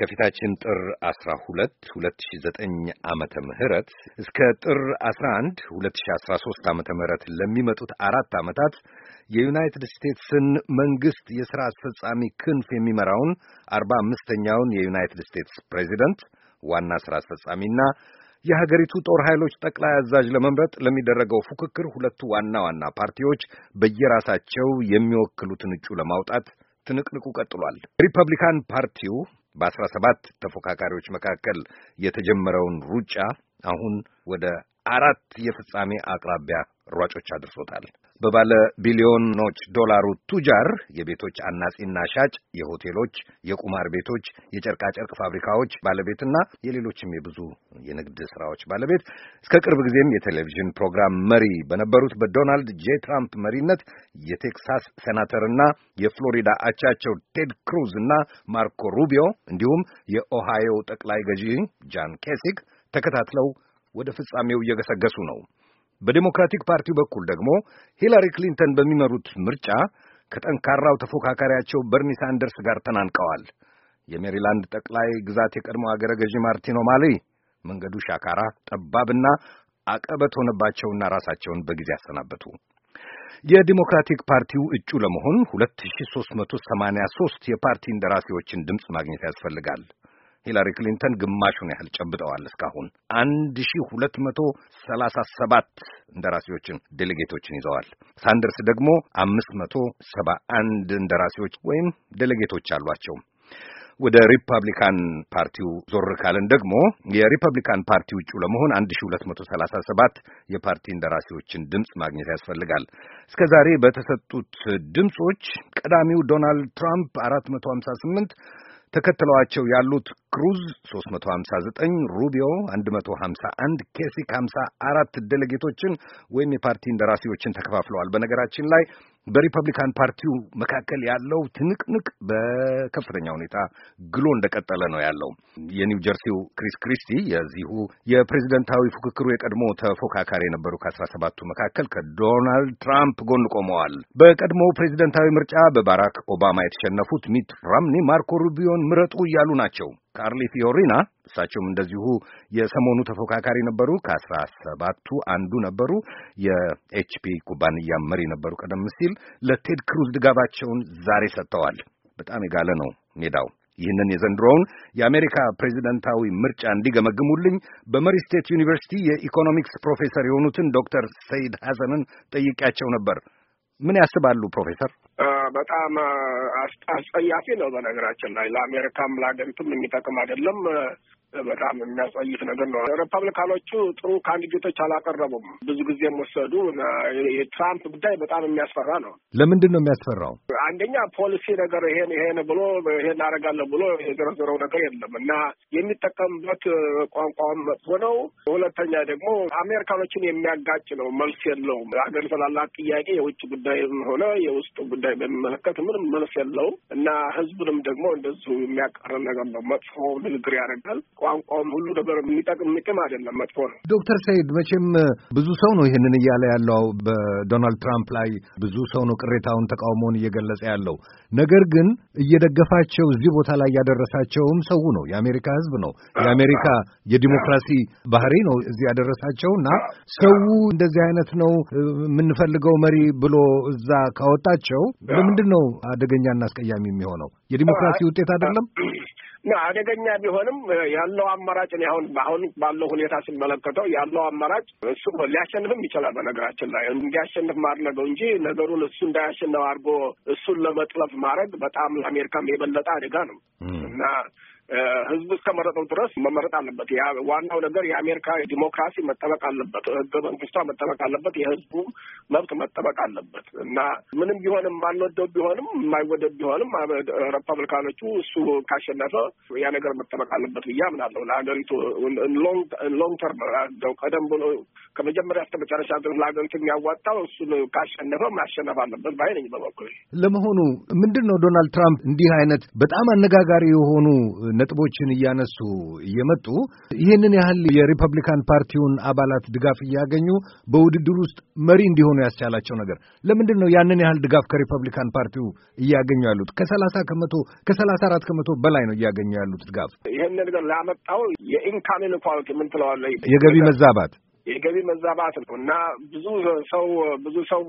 ከፊታችን ጥር 12 2009 ዓመተ ምህረት እስከ ጥር 11 2013 ዓመተ ምህረት ለሚመጡት አራት ዓመታት የዩናይትድ ስቴትስን መንግስት የሥራ አስፈጻሚ ክንፍ የሚመራውን 45ኛውን የዩናይትድ ስቴትስ ፕሬዚደንት ዋና ሥራ አስፈጻሚና የሀገሪቱ ጦር ኃይሎች ጠቅላይ አዛዥ ለመምረጥ ለሚደረገው ፉክክር ሁለቱ ዋና ዋና ፓርቲዎች በየራሳቸው የሚወክሉትን እጩ ለማውጣት ትንቅንቁ ቀጥሏል። ሪፐብሊካን ፓርቲው በአስራ ሰባት ተፎካካሪዎች መካከል የተጀመረውን ሩጫ አሁን ወደ አራት የፍጻሜ አቅራቢያ ሯጮች አድርሶታል። በባለ ቢሊዮኖች ዶላሩ ቱጃር የቤቶች አናጺና ሻጭ፣ የሆቴሎች፣ የቁማር ቤቶች፣ የጨርቃጨርቅ ፋብሪካዎች ባለቤትና የሌሎችም የብዙ የንግድ ስራዎች ባለቤት እስከ ቅርብ ጊዜም የቴሌቪዥን ፕሮግራም መሪ በነበሩት በዶናልድ ጄ ትራምፕ መሪነት የቴክሳስ ሴናተርና የፍሎሪዳ አቻቸው ቴድ ክሩዝ እና ማርኮ ሩቢዮ እንዲሁም የኦሃዮ ጠቅላይ ገዢ ጃን ኬሲክ ተከታትለው ወደ ፍጻሜው እየገሰገሱ ነው። በዴሞክራቲክ ፓርቲ በኩል ደግሞ ሂላሪ ክሊንተን በሚመሩት ምርጫ ከጠንካራው ተፎካካሪያቸው በርኒ ሳንደርስ ጋር ተናንቀዋል። የሜሪላንድ ጠቅላይ ግዛት የቀድሞ አገረ ገዢ ማርቲን ኦማሊ መንገዱ ሻካራ ጠባብና አቀበት ሆነባቸውና ራሳቸውን በጊዜ አሰናበቱ። የዲሞክራቲክ ፓርቲው እጩ ለመሆን 2383 የፓርቲ እንደራሴዎችን ድምፅ ማግኘት ያስፈልጋል። ሂላሪ ክሊንተን ግማሹን ያህል ጨብጠዋል። እስካሁን አንድ ሺ ሁለት መቶ ሰላሳ ሰባት እንደራሴዎችን ዴሌጌቶችን ይዘዋል። ሳንደርስ ደግሞ አምስት መቶ ሰባ አንድ እንደራሴዎች ወይም ዴሌጌቶች አሏቸው። ወደ ሪፐብሊካን ፓርቲው ዞር ካልን ደግሞ የሪፐብሊካን ፓርቲ ውጭ ለመሆን 1237 የፓርቲ እንደራሴዎችን ድምፅ ማግኘት ያስፈልጋል። እስከ ዛሬ በተሰጡት ድምፆች ቀዳሚው ዶናልድ ትራምፕ 458 ተከትለዋቸው ያሉት ክሩዝ 359፣ ሩቢዮ 151፣ ኬሲክ 54 ደሌጌቶችን ወይም የፓርቲ እንደራሲዎችን ተከፋፍለዋል። በነገራችን ላይ በሪፐብሊካን ፓርቲው መካከል ያለው ትንቅንቅ በከፍተኛ ሁኔታ ግሎ እንደቀጠለ ነው ያለው። የኒው ጀርሲው ክሪስ ክሪስቲ የዚሁ የፕሬዚደንታዊ ፉክክሩ የቀድሞ ተፎካካሪ የነበሩ ከአስራ ሰባቱ መካከል ከዶናልድ ትራምፕ ጎን ቆመዋል። በቀድሞ ፕሬዚደንታዊ ምርጫ በባራክ ኦባማ የተሸነፉት ሚት ራምኒ ማርኮ ሩቢዮን ምረጡ እያሉ ናቸው። ካርሊ ፊዮሪና እሳቸውም እንደዚሁ የሰሞኑ ተፎካካሪ ነበሩ። ከአስራ ሰባቱ አንዱ ነበሩ። የኤችፒ ኩባንያ መሪ ነበሩ ቀደም ሲል። ለቴድ ክሩዝ ድጋፋቸውን ዛሬ ሰጥተዋል። በጣም የጋለ ነው ሜዳው። ይህንን የዘንድሮውን የአሜሪካ ፕሬዚደንታዊ ምርጫ እንዲገመግሙልኝ በመሪ ስቴት ዩኒቨርሲቲ የኢኮኖሚክስ ፕሮፌሰር የሆኑትን ዶክተር ሰይድ ሐሰንን ጠይቄያቸው ነበር። ምን ያስባሉ ፕሮፌሰር? በጣም አስጸያፊ ነው። በነገራችን ላይ ለአሜሪካም ለሀገሪቱም የሚጠቅም አይደለም። በጣም የሚያሳይፍ ነገር ነው። ሪፐብሊካኖቹ ጥሩ ካንዲዴቶች አላቀረቡም። ብዙ ጊዜም ወሰዱ። የትራምፕ ጉዳይ በጣም የሚያስፈራ ነው። ለምንድን ነው የሚያስፈራው? አንደኛ ፖሊሲ ነገር ይሄን ይሄን ብሎ ይሄን አደርጋለሁ ብሎ የዘረዘረው ነገር የለም እና የሚጠቀምበት ቋንቋም መጥፎ ነው። ሁለተኛ ደግሞ አሜሪካኖችን የሚያጋጭ ነው። መልስ የለውም። ሀገር ስላላት ጥያቄ የውጭ ጉዳይም ሆነ የውስጥ ጉዳይ በሚመለከት ምንም መልስ የለውም እና ህዝብንም ደግሞ እንደዚሁ የሚያቃርን ነገር ነው። መጥፎ ንግግር ያደርጋል። ቋንቋውም ሁሉ ነገር የሚጠቅም የሚቅም አይደለም፣ መጥፎ ነው። ዶክተር ሰይድ መቼም ብዙ ሰው ነው ይህንን እያለ ያለው በዶናልድ ትራምፕ ላይ ብዙ ሰው ነው ቅሬታውን፣ ተቃውሞውን እየገለጸ ያለው። ነገር ግን እየደገፋቸው እዚህ ቦታ ላይ ያደረሳቸውም ሰው ነው፣ የአሜሪካ ህዝብ ነው። የአሜሪካ የዲሞክራሲ ባህሪ ነው እዚህ ያደረሳቸው እና ሰው እንደዚህ አይነት ነው የምንፈልገው መሪ ብሎ እዛ ካወጣቸው ለምንድን ነው አደገኛና አስቀያሚ የሚሆነው? የዲሞክራሲ ውጤት አይደለም። እና አደገኛ ቢሆንም ያለው አማራጭ እኔ አሁን በአሁን ባለው ሁኔታ ስመለከተው ያለው አማራጭ እሱ ሊያሸንፍም ይችላል። በነገራችን ላይ እንዲያሸንፍ ማድረገው እንጂ ነገሩን እሱ እንዳያሸንፍ አድርጎ እሱን ለመጥለፍ ማድረግ በጣም ለአሜሪካም የበለጠ አደጋ ነው እና ህዝብ እስከመረጠው ድረስ መመረጥ አለበት። ዋናው ነገር የአሜሪካ ዲሞክራሲ መጠበቅ አለበት፣ ህገ መንግስቷ መጠበቅ አለበት፣ የህዝቡ መብት መጠበቅ አለበት እና ምንም ቢሆንም ማንወደው ቢሆንም የማይወደድ ቢሆንም ሪፐብሊካኖቹ እሱ ካሸነፈ ያ ነገር መጠበቅ አለበት ብዬ አምናለሁ። ለሀገሪቱ ሎንግ ተርም እንደው ቀደም ብሎ ከመጀመሪያ እስከ መጨረሻ ድረስ ለሀገሪቱ የሚያዋጣው እሱን ካሸነፈ ማሸነፍ አለበት ባይ ነኝ በበኩሌ። ለመሆኑ ምንድን ነው ዶናልድ ትራምፕ እንዲህ አይነት በጣም አነጋጋሪ የሆኑ ነጥቦችን እያነሱ እየመጡ ይህንን ያህል የሪፐብሊካን ፓርቲውን አባላት ድጋፍ እያገኙ በውድድር ውስጥ መሪ እንዲሆኑ ያስቻላቸው ነገር ለምንድን ነው? ያንን ያህል ድጋፍ ከሪፐብሊካን ፓርቲው እያገኙ ያሉት ከሰላሳ ከመቶ ከሰላሳ አራት ከመቶ በላይ ነው እያገኙ ያሉት ድጋፍ። ይህን ነገር ላመጣው የኢንካም ኢንኢኳሊቲ ምን ትለዋለህ? የገቢ መዛባት የገቢ መዛባት ነው እና ብዙ ሰው ብዙ ሰው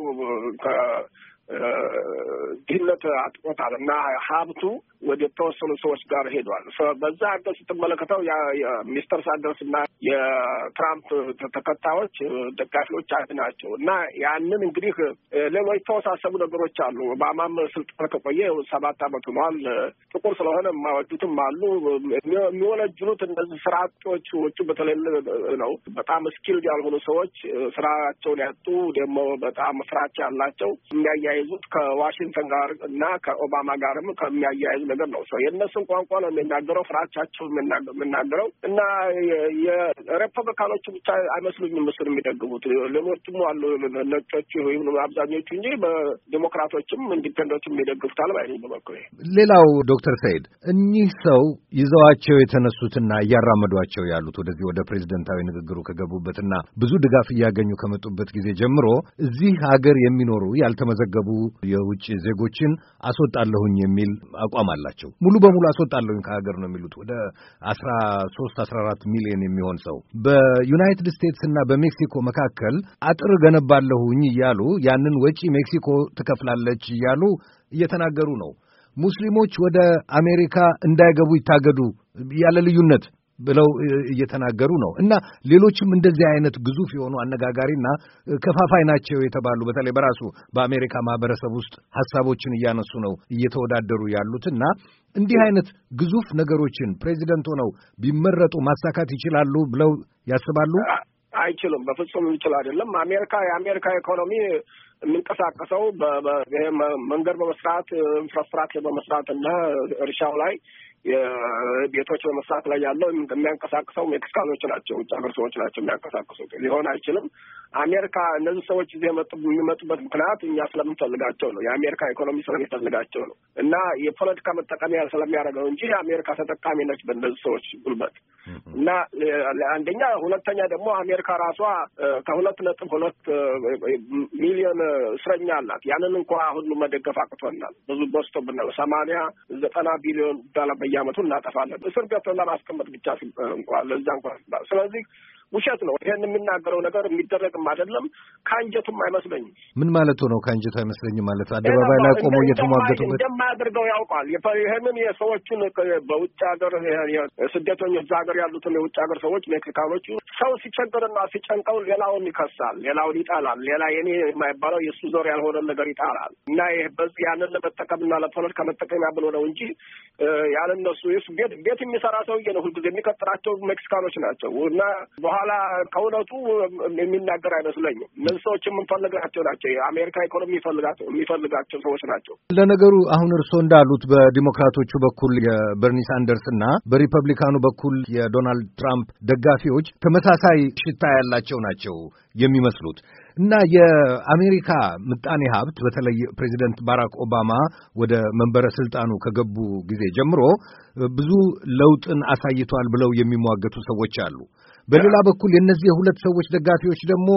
ድህነት አጥቆታል እና ሀብቱ ወደ ተወሰኑ ሰዎች ጋር ሄዷል። በዛ አንተ ስትመለከተው ሚስተር ሳንደርስ እና የትራምፕ ተከታዮች ደጋፊዎች አንድ ናቸው እና ያንን እንግዲህ ሌሎች የተወሳሰቡ ነገሮች አሉ። ኦባማም ስልጣን ከቆየ ሰባት አመት ሆኗል። ጥቁር ስለሆነ የማይወዱትም አሉ። የሚወለጅሉት እነዚህ ስራ አጦች ውጭ በተለይ ነው በጣም ስኪልድ ያልሆኑ ሰዎች ስራቸውን ያጡ ደግሞ በጣም ስራቸው ያላቸው የሚያያይ የሚያያይዙት ከዋሽንግተን ጋር እና ከኦባማ ጋርም ከሚያያይዝ ነገር ነው። ሰው የእነሱን ቋንቋ ነው የሚናገረው፣ ፍራቻቸው የምናገረው እና የሪፐብሊካኖቹ ብቻ አይመስሉኝም ምስል የሚደግፉት ሌሎችም አሉ ነጮቹ ወይም አብዛኞቹ እንጂ በዲሞክራቶችም ኢንዲፔንዶችም የሚደግፉታል ባይ በበኩሌ። ሌላው ዶክተር ሰይድ እኚህ ሰው ይዘዋቸው የተነሱትና እያራመዷቸው ያሉት ወደዚህ ወደ ፕሬዚደንታዊ ንግግሩ ከገቡበትና ብዙ ድጋፍ እያገኙ ከመጡበት ጊዜ ጀምሮ እዚህ ሀገር የሚኖሩ ያልተመዘገቡ የሚገቡ የውጭ ዜጎችን አስወጣለሁኝ የሚል አቋም አላቸው። ሙሉ በሙሉ አስወጣለሁኝ ከሀገር ነው የሚሉት ወደ አስራ ሶስት አስራ አራት ሚሊዮን የሚሆን ሰው በዩናይትድ ስቴትስ እና በሜክሲኮ መካከል አጥር ገነባለሁኝ እያሉ ያንን ወጪ ሜክሲኮ ትከፍላለች እያሉ እየተናገሩ ነው። ሙስሊሞች ወደ አሜሪካ እንዳይገቡ ይታገዱ ያለ ልዩነት ብለው እየተናገሩ ነው እና ሌሎችም እንደዚህ አይነት ግዙፍ የሆኑ አነጋጋሪና ከፋፋይ ናቸው የተባሉ በተለይ በራሱ በአሜሪካ ማህበረሰብ ውስጥ ሀሳቦችን እያነሱ ነው እየተወዳደሩ ያሉት እና እንዲህ አይነት ግዙፍ ነገሮችን ፕሬዚደንት ሆነው ቢመረጡ ማሳካት ይችላሉ ብለው ያስባሉ? አይችሉም። በፍጹም ይችል አይደለም። አሜሪካ የአሜሪካ ኢኮኖሚ የሚንቀሳቀሰው መንገድ በመስራት ኢንፍራስትራክቸር በመስራት እና እርሻው ላይ የቤቶች በመስራት ላይ ያለው የሚያንቀሳቅሰው ሜክሲካኖች ናቸው፣ ውጭ ሀገር ሰዎች ናቸው የሚያንቀሳቅሱት። ሊሆን አይችልም። አሜሪካ እነዚህ ሰዎች እዚህ የሚመጡበት ምክንያት እኛ ስለምንፈልጋቸው ነው። የአሜሪካ ኢኮኖሚ ስለሚፈልጋቸው ነው እና የፖለቲካ መጠቀሚያ ስለሚያደርገው እንጂ የአሜሪካ ተጠቃሚ ነች በእነዚህ ሰዎች ጉልበት እና አንደኛ፣ ሁለተኛ ደግሞ አሜሪካ ራሷ ከሁለት ነጥብ ሁለት ሚሊዮን እስረኛ አላት። ያንን እንኳ ሁሉ መደገፍ አቅቶናል። ብዙ በስቶ ብናለ ሰማንያ ዘጠና ቢሊዮን ዶላር በየአመቱ እናጠፋለን። እስር ቤት ለማስቀመጥ ብቻ እንኳ ለዛ እንኳ ስለዚህ ውሸት ነው። ይሄን የምናገረው ነገር የሚደረግም አይደለም ከአንጀቱም አይመስለኝም። ምን ማለቱ ነው? ከአንጀቱ አይመስለኝም ማለት አደባባይ ላይ ቆመው እየተሟገቱበት እንደማያደርገው ያውቃል። ይህንን የሰዎቹን በውጭ ሀገር ስደተኞች እዛ ሀገር ያሉትን የውጭ ሀገር ሰዎች ሜክሲካኖቹ ሰው ሲቸገርና ሲጨንቀው ሌላውን ይከሳል፣ ሌላውን ይጣላል ሌላ የኔ የማይባለው የእሱ ዞር ያልሆነ ነገር ይጣላል እና ይህ በዚህ ያንን ለመጠቀምና ለፖለቲካ መጠቀሚያ ብሎ ነው እንጂ ያለነሱ ቤት የሚሰራ ሰውዬ ነው ሁልጊዜ የሚቀጥራቸው ሜክሲካኖች ናቸው እና በኋላ ከእውነቱ የሚናገር አይመስለኝም። እነዚህ ሰዎች የምንፈልጋቸው ናቸው። የአሜሪካ ኢኮኖሚ የሚፈልጋቸው ሰዎች ናቸው። ለነገሩ አሁን እርስዎ እንዳሉት በዲሞክራቶቹ በኩል የበርኒ ሳንደርስ እና በሪፐብሊካኑ በኩል የዶናልድ ትራምፕ ደጋፊዎች ተመሳሳይ ሽታ ያላቸው ናቸው የሚመስሉት እና የአሜሪካ ምጣኔ ሀብት በተለይ ፕሬዚደንት ባራክ ኦባማ ወደ መንበረ ስልጣኑ ከገቡ ጊዜ ጀምሮ ብዙ ለውጥን አሳይቷል ብለው የሚሟገቱ ሰዎች አሉ። በሌላ በኩል የእነዚህ የሁለት ሰዎች ደጋፊዎች ደግሞ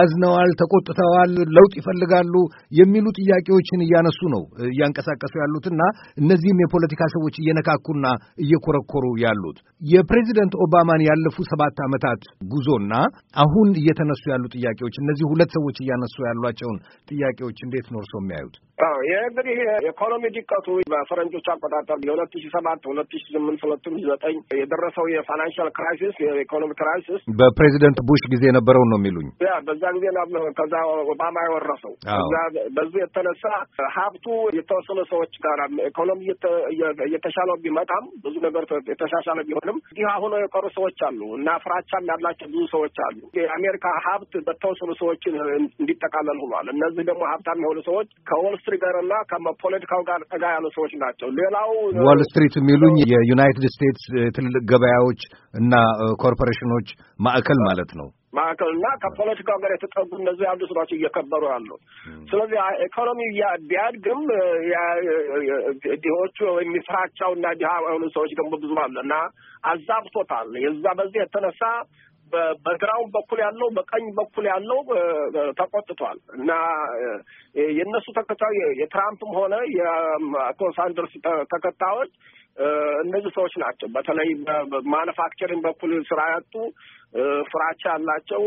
አዝነዋል፣ ተቆጥተዋል፣ ለውጥ ይፈልጋሉ የሚሉ ጥያቄዎችን እያነሱ ነው እያንቀሳቀሱ ያሉትና እነዚህም የፖለቲካ ሰዎች እየነካኩና እየኮረኮሩ ያሉት የፕሬዚደንት ኦባማን ያለፉ ሰባት ዓመታት ጉዞና አሁን እየተነሱ ያሉ ጥያቄዎች እነዚህ ሁለት ሰዎች እያነሱ ያሏቸውን ጥያቄዎች እንዴት ነው የሚያዩት? ይህ እንግዲህ የኢኮኖሚ ድቀቱ በፈረንጆች አቆጣጠር የሁለት ሺ ሰባት ሁለት ሺ ስምንት ሁለት ሺ ዘጠኝ የደረሰው የፋይናንሽል ክራይሲስ የኢኮኖሚ ክራይሲስ በፕሬዚደንት ቡሽ ጊዜ የነበረውን ነው የሚሉኝ። ያ በዛ ጊዜ ከዛ ኦባማ የወረሰው እዛ በዚህ የተነሳ ሀብቱ የተወሰኑ ሰዎች ጋር ኢኮኖሚ እየተሻለው ቢመጣም ብዙ ነገር የተሻሻለ ቢሆንም ይህ አሁኖ የቀሩ ሰዎች አሉ እና ፍራቻም ያላቸው ብዙ ሰዎች አሉ። የአሜሪካ ሀብት በተወሰኑ ሰዎችን እንዲጠቃለል ሆኗል። እነዚህ ደግሞ ሀብታም የሆኑ ሰዎች ከወል ስትሪት ጋር እና ከፖለቲካው ጋር ጠጋ ያሉ ሰዎች ናቸው። ሌላው ዋል ስትሪት የሚሉኝ የዩናይትድ ስቴትስ ትልልቅ ገበያዎች እና ኮርፖሬሽኖች ወገኖች ማዕከል ማለት ነው ማዕከል እና ከፖለቲካው ጋር የተጠጉ እነዚህ ያሉ ስራዎች እየከበሩ ያሉ። ስለዚህ ኢኮኖሚ ቢያድግም ድሆቹ የሚስራቸው እና ድሃ የሆኑ ሰዎች ደግሞ ብዙ አለ እና አዛብቶታል። የዛ በዚህ የተነሳ በግራውን በኩል ያለው በቀኝ በኩል ያለው ተቆጥቷል እና የእነሱ ተከታዮ የትራምፕም ሆነ የአቶ ሳንደርስ ተከታዮች እነዚህ ሰዎች ናቸው። በተለይ በማኑፋክቸሪንግ በኩል ስራ ያጡ ፍራቻ ያላቸው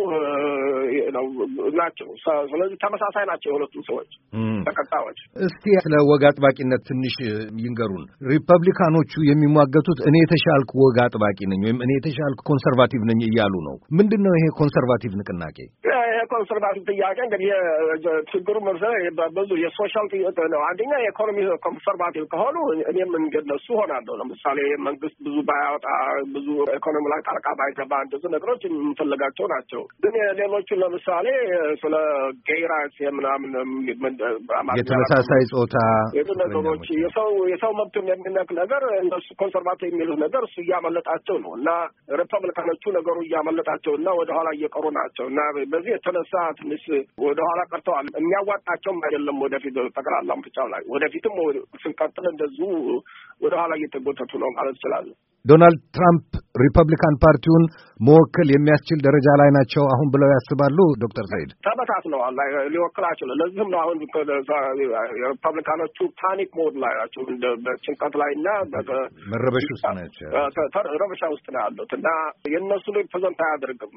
ናቸው። ስለዚህ ተመሳሳይ ናቸው የሁለቱም ሰዎች ተከታዮች። እስቲ ስለ ወግ አጥባቂነት ትንሽ ይንገሩን። ሪፐብሊካኖቹ የሚሟገቱት እኔ የተሻልኩ ወግ አጥባቂ ነኝ ወይም እኔ የተሻልኩ ኮንሰርቫቲቭ ነኝ እያሉ ነው። ምንድን ነው ይሄ ኮንሰርቫቲቭ ንቅናቄ? ይሄ ኮንሰርቫቲቭ ጥያቄ እንግዲህ ችግሩ መሰለህ ብዙ የሶሻል ነው። አንደኛ የኢኮኖሚ ኮንሰርቫቲቭ ከሆኑ እኔም እንደነሱ ሆናለሁ። ለምሳሌ መንግስት ብዙ ባያወጣ ብዙ ኢኮኖሚ ላይ ጣልቃ ባይገባ እንደዚህ ነገር ነገሮች የምንፈልጋቸው ናቸው። ግን ሌሎቹ ለምሳሌ ስለ ጌይ የምናምን የተመሳሳይ ጾታ ነገሮች የሰው የሰው መብትን የሚነክ ነገር እነሱ ኮንሰርቫቲቭ የሚሉት ነገር እሱ እያመለጣቸው ነው እና ሪፐብሊካኖቹ ነገሩ እያመለጣቸው እና ወደኋላ እየቀሩ ናቸው እና በዚህ የተነሳ ትንሽ ወደኋላ ቀርተዋል። የሚያዋጣቸውም አይደለም ወደፊት ጠቅላላ ምርጫው ላይ ወደፊትም ስንቀጥል እንደዚሁ ወደኋላ እየተጎተቱ ነው ማለት ይችላለን። ዶናልድ ትራምፕ ሪፐብሊካን ፓርቲውን መወከል የሚያስችል ደረጃ ላይ ናቸው አሁን ብለው ያስባሉ? ዶክተር ሰይድ ተበታትነዋል፣ ሊወክላቸው ነው። ለዚህም ነው አሁን ሪፐብሊካኖቹ ፓኒክ ሞድ ላይ ናቸው፣ በጭንቀት ላይ እና መረበሽ ውስጥ ናቸው። ረበሻ ውስጥ ነው ያሉት እና የእነሱ ሪፕሬዘንት አያደርግም።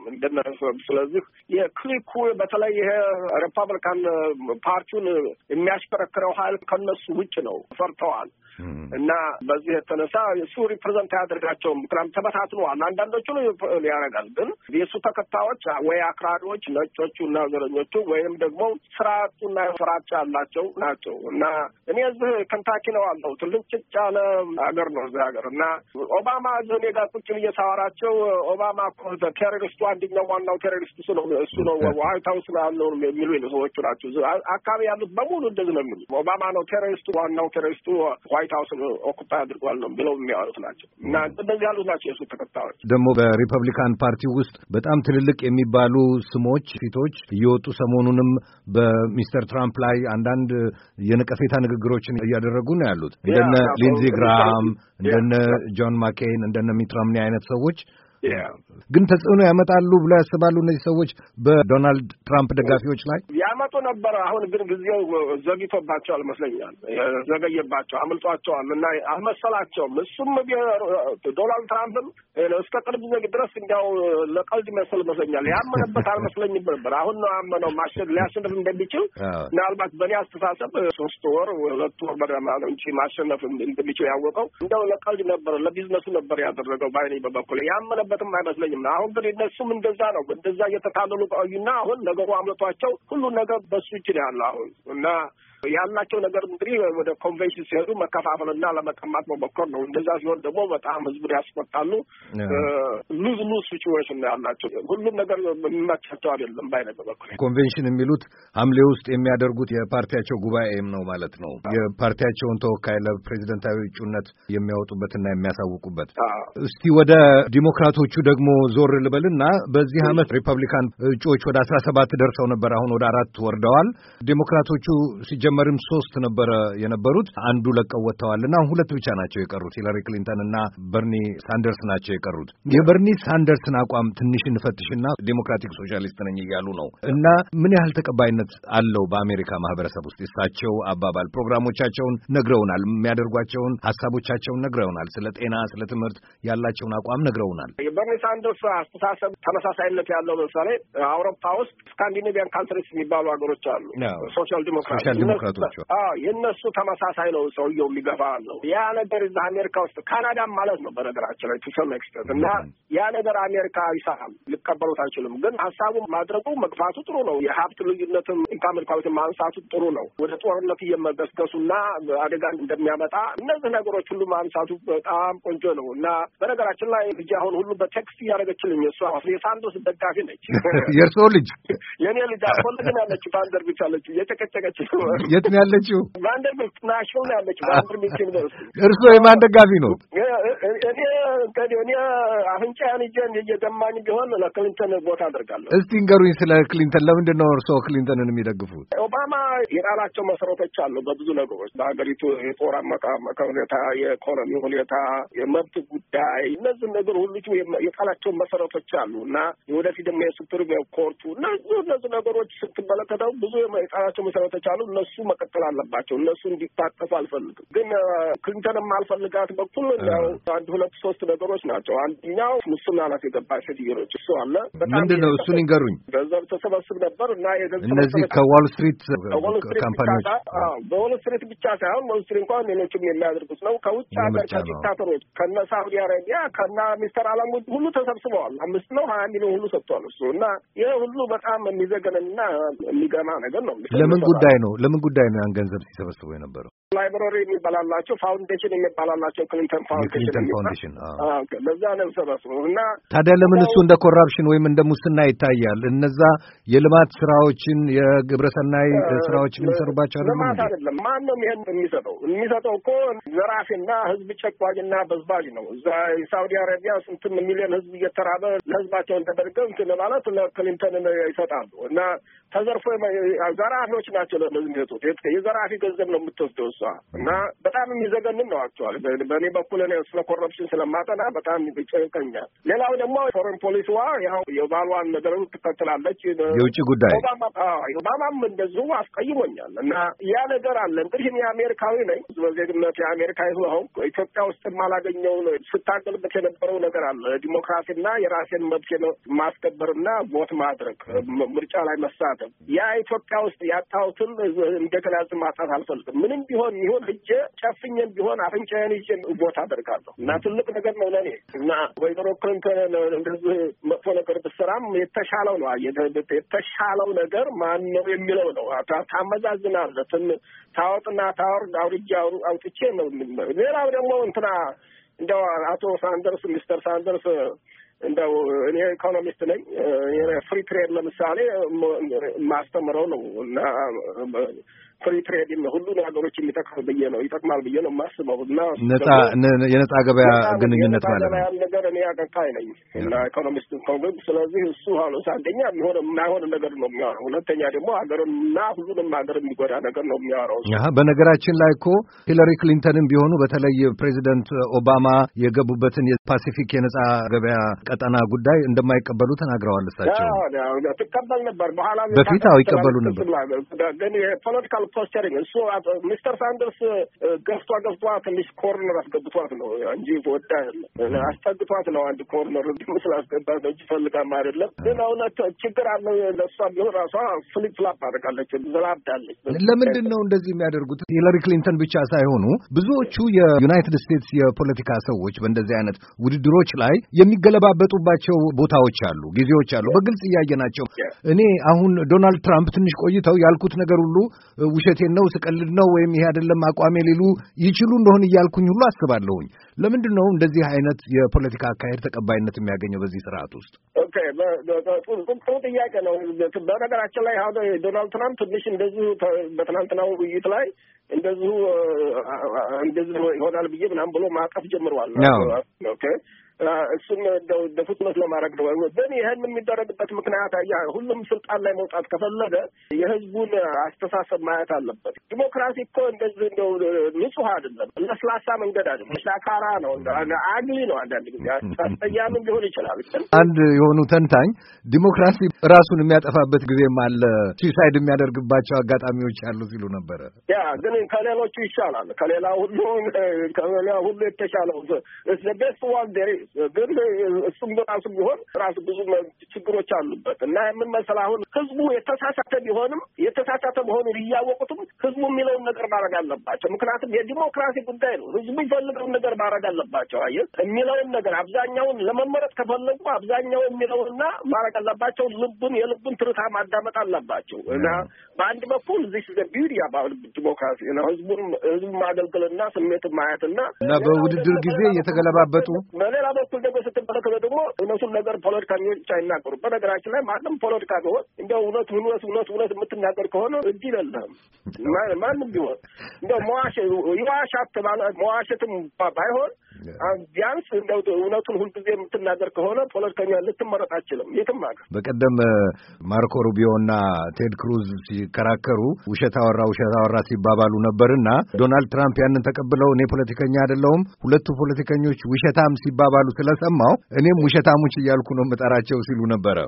ስለዚህ የክሊኩ በተለይ ይሄ ሪፐብሊካን ፓርቲውን የሚያሽከረክረው ሀይል ከነሱ ውጭ ነው፣ ፈርተዋል እና በዚህ የተነሳ እሱ ሪፕሬዘንት አያደርግም አያደርጋቸውም። ምክንያቱም ተበታትነዋል። አንዳንዶቹ ያደርጋል። ግን የእሱ ተከታዮች ወይ አክራሪዎች ነጮቹ እና ዘረኞቹ ወይም ደግሞ ስርአቱና ፍራቻ ያላቸው ናቸው እና እኔ እዚህ ከንታኪ ነው አለው ትልቅ ያለ ሀገር ነው እዚህ ሀገር እና ኦባማ እዚህ እኔ ጋር ቁጭ ብዬ ሳወራቸው ኦባማ እኮ ቴሮሪስቱ አንደኛው ዋናው ቴሮሪስት እሱ ነው እሱ ነው ዋይት ሀውስ ነው ያለው የሚሉ ሰዎቹ ናቸው። አካባቢ ያሉት በሙሉ እንደዚህ ነው የሚሉ ኦባማ ነው ቴሮሪስቱ ዋናው ቴሮሪስቱ ዋይት ሀውስ ኦኩፓይ አድርጓል ነው ብለው የሚያወሩት ናቸው እና እንደዚህ ያሉት ናቸው የሱ ተከታዮች። ደግሞ በሪፐብሊካን ፓርቲ ውስጥ በጣም ትልልቅ የሚባሉ ስሞች፣ ፊቶች እየወጡ ሰሞኑንም በሚስተር ትራምፕ ላይ አንዳንድ የነቀፌታ ንግግሮችን እያደረጉ ነው ያሉት እንደነ ሊንዚ ግራሃም፣ እንደነ ጆን ማኬን፣ እንደነ ሚትራምኒ አይነት ሰዎች ግን ተጽዕኖ ያመጣሉ ብለው ያስባሉ እነዚህ ሰዎች በዶናልድ ትራምፕ ደጋፊዎች ላይ ያመጡ ነበረ። አሁን ግን ጊዜው ዘግይቶባቸዋል ይመስለኛል። ዘገየባቸው፣ አምልጧቸዋል እና አልመሰላቸውም። እሱም ዶናልድ ትራምፕም እስከ ቅርብ ጊዜ ድረስ እንዲያው ለቀልድ መስል መስለኛል፣ ያመነበት አልመስለኝም ነበር። አሁን ነው አመነው ያመነው ሊያሸንፍ እንደሚችል ምናልባት በእኔ አስተሳሰብ ሶስት ወር ሁለት ወር በደማ እንጂ ማሸነፍ እንደሚችል ያወቀው እንዲያው ለቀልድ ነበር፣ ለቢዝነሱ ነበር ያደረገው ባይኔ በበኩል ያመነበት ያለበትም አይመስለኝም። አሁን ግን እነሱም እንደዛ ነው እንደዛ እየተታለሉ ቆዩና አሁን ነገሩ አምለቷቸው ሁሉ ነገር በሱ እጅ ነው ያለው አሁን እና ያላቸው ነገር እንግዲህ ወደ ኮንቬንሽን ሲሄዱ መከፋፈልና ለመቀማት መሞከር ነው። እንደዛ ሲሆን ደግሞ በጣም ህዝቡን ያስቆጣሉ። ሉዝ ሉዝ ሲቹዌሽን ነው ያላቸው። ሁሉም ነገር የሚመቻቸው አይደለም ባይነ በበኩል ኮንቬንሽን የሚሉት ሐምሌ ውስጥ የሚያደርጉት የፓርቲያቸው ጉባኤም ነው ማለት ነው። የፓርቲያቸውን ተወካይ ለፕሬዚደንታዊ እጩነት የሚያወጡበትና የሚያሳውቁበት። እስቲ ወደ ዲሞክራቶቹ ደግሞ ዞር ልበልና በዚህ ዓመት ሪፐብሊካን እጩዎች ወደ አስራ ሰባት ደርሰው ነበር። አሁን ወደ አራት ወርደዋል። ዲሞክራቶቹ ሲጀ ሲጀመርም ሶስት ነበረ የነበሩት አንዱ ለቀው ወጥተዋል እና ሁለት ብቻ ናቸው የቀሩት ሂላሪ ክሊንተን እና በርኒ ሳንደርስ ናቸው የቀሩት። የበርኒ ሳንደርስን አቋም ትንሽ እንፈትሽና ዴሞክራቲክ ሶሻሊስት ነኝ እያሉ ነው እና ምን ያህል ተቀባይነት አለው በአሜሪካ ማህበረሰብ ውስጥ የሳቸው አባባል? ፕሮግራሞቻቸውን ነግረውናል፣ የሚያደርጓቸውን ሀሳቦቻቸውን ነግረውናል፣ ስለ ጤና፣ ስለ ትምህርት ያላቸውን አቋም ነግረውናል። የበርኒ ሳንደርስ አስተሳሰብ ተመሳሳይነት ያለው ለምሳሌ አውሮፓ ውስጥ ስካንዲኔቪያን ካንትሪስ የሚባሉ ሀገሮች አሉ ሶሻል ዲሞክራሲ ዲሞክራቶቹ የእነሱ ተመሳሳይ ነው። ሰውየው የሚገፋ ነው ያ ነገር እዛ አሜሪካ ውስጥ ካናዳም ማለት ነው በነገራችን ላይ ቱሰም ኤክስፐርት እና ያ ነገር አሜሪካ ይሰራም ሊቀበሉት አይችልም። ግን ሀሳቡ ማድረጉ መግፋቱ ጥሩ ነው። የሀብት ልዩነትም ኢንካምልካዊት ማንሳቱ ጥሩ ነው። ወደ ጦርነት እየመገስገሱ እየመገስገሱና አደጋ እንደሚያመጣ እነዚህ ነገሮች ሁሉ ማንሳቱ በጣም ቆንጆ ነው እና በነገራችን ላይ ልጅ አሁን ሁሉ በቴክስት እያደረገችልኝ እሷ የሳንዶስ ደጋፊ ነች። የእርስዎ ልጅ የእኔ ልጅ አስፈለግን ያለች ባንደር ብቻለች አለች እየጨቀጨቀች የት ነው ያለችው? ቫንደርቢልት ናሽቪል ነው ያለችው። ቫንደርቢልት ነው። እርስዎ የማን ደጋፊ ነው? እኔ እንግዲህ እኔ አፍንጫዬን ይዤ እየደማኝ ቢሆን ለክሊንተን ቦታ አደርጋለሁ። እስቲ ንገሩኝ ስለ ክሊንተን። ለምንድን ነው እርስዎ ክሊንተንን የሚደግፉት? ኦባማ የጣላቸው መሰረቶች አሉ በብዙ ነገሮች፣ በሀገሪቱ የጦር አመቃመቀ ሁኔታ፣ የኢኮኖሚ ሁኔታ፣ የመብት ጉዳይ፣ እነዚህ ነገር ሁሉ የጣላቸው መሰረቶች አሉ እና ወደፊት ደግሞ የሱፕሪም ኮርቱ እነዚህ እነዚህ ነገሮች ስትመለከተው ብዙ የጣላቸው መሰረቶች አሉ እነሱ እነሱ መቀጠል አለባቸው። እነሱ እንዲታጠፉ አልፈልግም። ግን ክሊንተንም አልፈልጋት በኩል አንድ ሁለት ሶስት ነገሮች ናቸው። አንደኛው ሙስና ናት የገባች ሴትዮች እሱ አለ። ምንድን ነው እሱን ይንገሩኝ። ገንዘብ ተሰበስብ ነበር እና የገንዘብ እነዚህ ከዋል ስትሪት ካምፓኒዎች በዋል ስትሪት ብቻ ሳይሆን ዋል ስትሪት እንኳን ሌሎችም የሚያደርጉት ነው። ከውጭ ሀገር ከዲክታተሮች ከነ ሳውዲ አረቢያ ከነ ሚስተር አላሙ ሁሉ ተሰብስበዋል። አምስት ነው ሀያ ሚሊዮን ሁሉ ሰጥቷል እሱ እና ይህ ሁሉ በጣም የሚዘገንና የሚገማ ነገር ነው። ለምን ጉዳይ ነው ለምን ጉዳይ ነው ያን ገንዘብ ሲሰበስቡ የነበረው? ላይብራሪ የሚባላላቸው ፋውንዴሽን የሚባላላቸው ክሊንተን ፋውንዴሽን ፋውንዴሽን ለዛ ነው ሰበስቡ እና ታዲያ ለምን እሱ እንደ ኮራፕሽን ወይም እንደ ሙስና ይታያል? እነዛ የልማት ስራዎችን የግብረሰናይ ስራዎችን የሚሰሩባቸው አለ ልማት አይደለም። ማን ነው ይሄን የሚሰጠው? የሚሰጠው እኮ ዘራፊና ህዝብ ጨቋኝና በዝባዥ ነው። እዛ የሳውዲ አረቢያ ስንትም ሚሊዮን ህዝብ እየተራበ ለህዝባቸው እንደደርገው እንትን ማለት ለክሊንተን ይሰጣሉ እና ተዘርፎ ዘራፊዎች ናቸው ለእነዚህ ሚሰጡት። የዘራፊ ገንዘብ ነው የምትወስደው እሷ እና በጣም የሚዘገንን ነው አክቹዋሊ። በእኔ በኩል እኔ ስለ ኮረፕሽን ስለማጠና በጣም ይጨንቀኛል። ሌላው ደግሞ ፎሬን ፖሊሲዋ ያው የባሏን ነገር ትከትላለች። የውጭ ጉዳይ ኦባማም እንደዚሁ አስቀይሞኛል እና ያ ነገር አለ። እንግዲህ እኔ አሜሪካዊ ነኝ በዜግነት የአሜሪካ ይሁኸው ኢትዮጵያ ውስጥ የማላገኘው ስታገልበት የነበረው ነገር አለ ዲሞክራሲና የራሴን መብት ማስከበርና ቦት ማድረግ ምርጫ ላይ መሳ አልፈልጋትም። ያ ኢትዮጵያ ውስጥ ያጣሁትን እንደገና ዝ ማጣት አልፈልግም። ምንም ቢሆን ይሁን እጀ ጨፍኝም ቢሆን አፍንጫዬን ይዤ ቦታ አደርጋለሁ እና ትልቅ ነገር ነው ለእኔ እና ወይዘሮ ክሊንተን እንደዚህ መጥፎ ነገር ብትሰራም የተሻለው ነው የተሻለው ነገር ማን ነው የሚለው ነው። ታመዛዝናለህ። ታወጥና ታወር አውርጄ አውጥቼ ነው። ሌላው ደግሞ እንትና እንደው አቶ ሳንደርስ ሚስተር ሳንደርስ እንደው እኔ ኢኮኖሚስት ነኝ። ፍሪ ትሬድ ለምሳሌ ማስተምረው ነው እና ፍሪ ትሬድ ነው ሁሉን ሀገሮች የሚጠቅም ብዬ ነው ይጠቅማል ብዬ ነው የማስበው እና የነጻ ገበያ ግንኙነት ማለት ነው። ነገር እኔ አቀንቃኝ ነኝ እና ኢኮኖሚስት ኮንግግ ስለዚህ እሱ ሀሎስ አንደኛ የሚሆነ የማይሆን ነገር ነው የሚያወራው፣ ሁለተኛ ደግሞ ሀገርና ሁሉንም ሀገር የሚጎዳ ነገር ነው የሚያወራው። በነገራችን ላይ እኮ ሂለሪ ክሊንተንም ቢሆኑ በተለይ ፕሬዚደንት ኦባማ የገቡበትን የፓሲፊክ የነጻ ገበያ ቀጠና ጉዳይ እንደማይቀበሉ ተናግረዋል። እሳቸው ትቀበል ነበር በኋላ በፊት ይቀበሉ ነበር ግን የፖለቲካል ፖስቸር እሱ ሚስተር ሳንደርስ ገፍቷ ገፍቷ ትንሽ ኮርነር አስገብቷት ነው እንጂ ወዳ አስጠግቷት ነው። አንድ ኮርነር ምስል አስገባት ነው እጅ ፈልጋም አይደለም። ግን እውነት ችግር አለው። ለእሷ ቢሆን ራሷ ፍሊፕ ፍላፕ አደርጋለች፣ ዘላብዳለች። ለምንድን ነው እንደዚህ የሚያደርጉት? ሂለሪ ክሊንተን ብቻ ሳይሆኑ ብዙዎቹ የዩናይትድ ስቴትስ የፖለቲካ ሰዎች በእንደዚህ አይነት ውድድሮች ላይ የሚገለባበጡባቸው ቦታዎች አሉ፣ ጊዜዎች አሉ። በግልጽ እያየናቸው እኔ አሁን ዶናልድ ትራምፕ ትንሽ ቆይተው ያልኩት ነገር ሁሉ ውሸቴን ነው ስቀልድ ነው ወይም ይሄ አይደለም አቋሜ ሊሉ ይችሉ እንደሆን እያልኩኝ ሁሉ አስባለሁኝ። ለምንድን ነው እንደዚህ አይነት የፖለቲካ አካሄድ ተቀባይነት የሚያገኘው በዚህ ስርዓት ውስጥ? ጥሩ ጥያቄ ነው። በነገራችን ላይ ዶናልድ ትራምፕ ትንሽ እንደዚሁ በትናንትናው ውይይት ላይ እንደዚሁ እንደዚህ ይሆናል ብዬ ምናምን ብሎ ማዕቀፍ ጀምረዋል። ኦኬ እሱን በፍጥነት ለማድረግ ነው። ግን ይህን የሚደረግበት ምክንያት ያ ሁሉም ስልጣን ላይ መውጣት ከፈለገ የህዝቡን አስተሳሰብ ማየት አለበት። ዲሞክራሲ እኮ እንደዚህ እንደው ንጹህ አይደለም፣ ለስላሳ መንገድ አይደለም፣ ሻካራ ነው፣ አግሊ ነው። አንዳንድ ጊዜ አስጠያምም ሊሆን ይችላል። አንድ የሆኑ ተንታኝ ዲሞክራሲ ራሱን የሚያጠፋበት ጊዜም አለ፣ ሲሳይድ የሚያደርግባቸው አጋጣሚዎች አሉ ሲሉ ነበረ። ያ ግን ከሌሎቹ ይሻላል፣ ከሌላ ሁሉ ከሌላ ሁሉ የተሻለው ቤስት ዋን ዴር ግን እሱም ራሱ ቢሆን ራሱ ብዙ ችግሮች አሉበት እና የምን መሰል አሁን ህዝቡ የተሳሳተ ቢሆንም የተሳሳተ መሆኑን እያወቁትም ህዝቡ የሚለውን ነገር ማድረግ አለባቸው። ምክንያቱም የዲሞክራሲ ጉዳይ ነው። ህዝቡ ይፈልገውን ነገር ማድረግ አለባቸው። አየ የሚለውን ነገር አብዛኛውን ለመመረጥ ከፈለጉ አብዛኛው የሚለውንና ማድረግ አለባቸው። ልቡን የልቡን ትርታ ማዳመጥ አለባቸው እና በአንድ በኩል ዚስ ዘ ቢዩቲ አባል ዲሞክራሲ ነው። ህዝቡን ህዝቡ ማገልገልና ስሜትን ማየትና እና በውድድር ጊዜ እየተገለባበጡ በሌላ በኩል ደግሞ ስትመለከተው ደግሞ እውነቱን ነገር ፖለቲካ ሚዎች አይናገሩም። በነገራችን ላይ ማንም ፖለቲካ ቢሆን እንደ እውነት እውነት እውነት እውነት የምትናገር ከሆነ እጅ ይለልህም። ማንም ቢሆን እንደው መዋሸት መዋሸትም ባይሆን ቢያንስ እንደ እውነቱን ሁልጊዜ የምትናገር ከሆነ ፖለቲከኛ ልትመረጥ አችልም የትም ሀገር። በቀደም ማርኮ ሩቢዮና ቴድ ክሩዝ ሲከራከሩ ውሸት አወራ ውሸት አወራ ሲባባሉ ነበርና ዶናልድ ትራምፕ ያንን ተቀብለው እኔ ፖለቲከኛ አይደለሁም ሁለቱ ፖለቲከኞች ውሸታም ሲባባሉ እንዳሉ ስለሰማው እኔም ውሸታሞች እያልኩ ነው የምጠራቸው ሲሉ ነበረ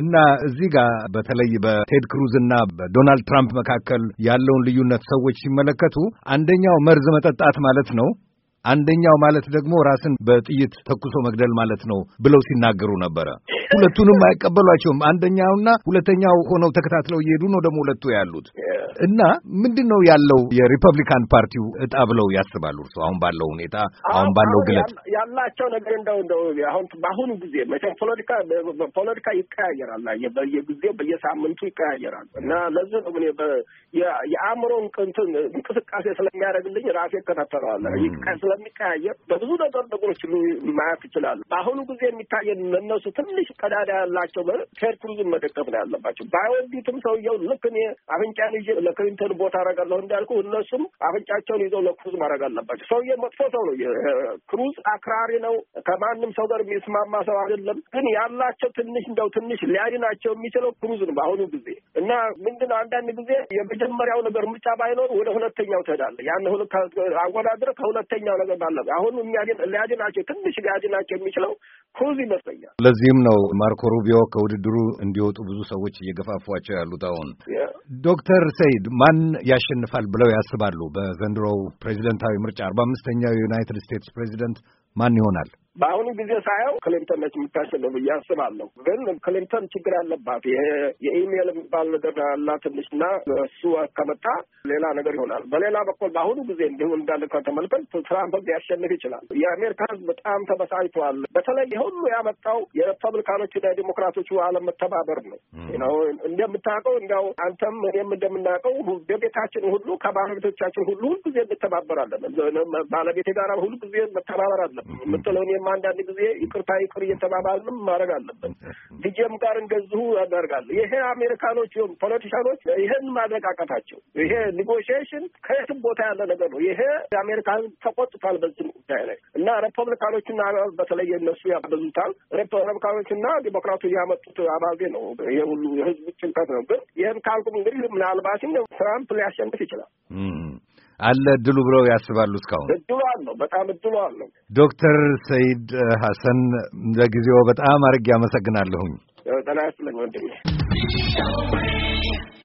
እና እዚህ ጋር በተለይ በቴድ ክሩዝ እና በዶናልድ ትራምፕ መካከል ያለውን ልዩነት ሰዎች ሲመለከቱ አንደኛው መርዝ መጠጣት ማለት ነው አንደኛው ማለት ደግሞ ራስን በጥይት ተኩሶ መግደል ማለት ነው ብለው ሲናገሩ ነበረ። ሁለቱንም አይቀበሏቸውም። አንደኛውና ሁለተኛው ሆነው ተከታትለው እየሄዱ ነው ደግሞ ሁለቱ ያሉት እና ምንድን ነው ያለው የሪፐብሊካን ፓርቲው እጣ ብለው ያስባሉ እርሱ አሁን ባለው ሁኔታ አሁን ባለው ግለት ያላቸው ነገር እንደው እንደው አሁን በአሁኑ ጊዜ መቼም ፖለቲካ ፖለቲካ ይቀያየራል፣ በየጊዜው በየሳምንቱ ይቀያየራል እና ለዚህ ነው እኔ የአእምሮ እንትን እንቅስቃሴ ስለሚያደርግልኝ ራሴ እከታተለዋለሁ። ስለሚቀያየር በብዙ ነገር ነገሮች ማየት ይችላሉ። በአሁኑ ጊዜ የሚታየን ለነሱ ትንሽ ቀዳዳ ያላቸው ቴድ ክሩዝን መደገፍ ነው ያለባቸው። ባይወዱትም ሰውየው ልክ እኔ አፍንጫን ይዤ ለክሊንተን ቦታ አረጋለሁ እንዳልኩ እነሱም አፍንጫቸውን ይዘው ለክሩዝ ማድረግ አለባቸው። ሰውየ መጥፎ ሰው ነው። ክሩዝ አክራሪ ነው። ከማንም ሰው ጋር የሚስማማ ሰው አይደለም። ግን ያላቸው ትንሽ እንደው ትንሽ ሊያድናቸው የሚችለው ክሩዝ ነው በአሁኑ ጊዜ እና ምንድነው አንዳንድ ጊዜ የመጀመሪያው ነገር ምርጫ ባይኖር ወደ ሁለተኛው ትሄዳለህ። ያን ሁ አወዳድረ ከሁለተኛው ነገር ባለ አሁን ሊያድናቸው ትንሽ ሊያድናቸው የሚችለው ክሩዝ ይመስለኛል። ለዚህም ነው ማርኮ ሩቢዮ ከውድድሩ እንዲወጡ ብዙ ሰዎች እየገፋፏቸው ያሉት። አሁን ዶክተር ሰይድ ማን ያሸንፋል ብለው ያስባሉ? በዘንድሮው ፕሬዚደንታዊ ምርጫ አርባ አምስተኛው የዩናይትድ ስቴትስ ፕሬዚደንት ማን ይሆናል? በአሁኑ ጊዜ ሳየው ክሊንተን ነች የምታሸንፈው ብዬ አስባለሁ። ግን ክሊንተን ችግር አለባት። ይሄ የኢሜይል የሚባል ነገር አላ ትንሽና እሱ ከመጣ ሌላ ነገር ይሆናል። በሌላ በኩል በአሁኑ ጊዜ እንዲሁ እንዳለ ከተመልከት ትራምፕ ሊያሸንፍ ይችላል። የአሜሪካ ሕዝብ በጣም ተበሳጭተዋል። በተለይ የሁሉ ያመጣው የሪፐብሊካኖችና የዲሞክራቶቹ አለመተባበር ነው ነው እንደምታውቀው እንዲያው አንተም እኔም እንደምናውቀው በቤታችን ሁሉ ከባለቤቶቻችን ሁሉ ሁልጊዜ እንተባበራለን። ባለቤቴ ጋር ሁልጊዜ መተባበር አለብኝ የምትለው እኔም ወይም አንዳንድ ጊዜ ይቅርታ ይቅር እየተባባልንም ማድረግ አለብን። ልጄም ጋር እንደዚሁ ያደርጋለሁ። ይሄ አሜሪካኖች ይሁን ፖለቲሻኖች ይሄን ማድረግ አቃታቸው። ይሄ ኒጎሽዬሽን ከየትም ቦታ ያለ ነገር ነው። ይሄ አሜሪካን ተቆጥቷል በዚህ ጉዳይ ላይ እና ሪፐብሊካኖቹና በተለየ እነሱ ያበዙታል። ሪፐብሊካኖቹና ዲሞክራቱ ያመጡት አባዜ ነው። ይሄ ሁሉ የህዝቡ ጭንቀት ነው። ግን ይህን ካልኩም እንግዲህ ምናልባትም ትራምፕ ሊያሸንፍ ይችላል። አለ እድሉ ብለው ያስባሉ? እስካሁን እድሉ አለው፣ በጣም እድሉ አለው። ዶክተር ሰይድ ሐሰን ለጊዜው በጣም አድርጌ አመሰግናለሁኝ። ጤና ይስጥልኝ ወንድሜ።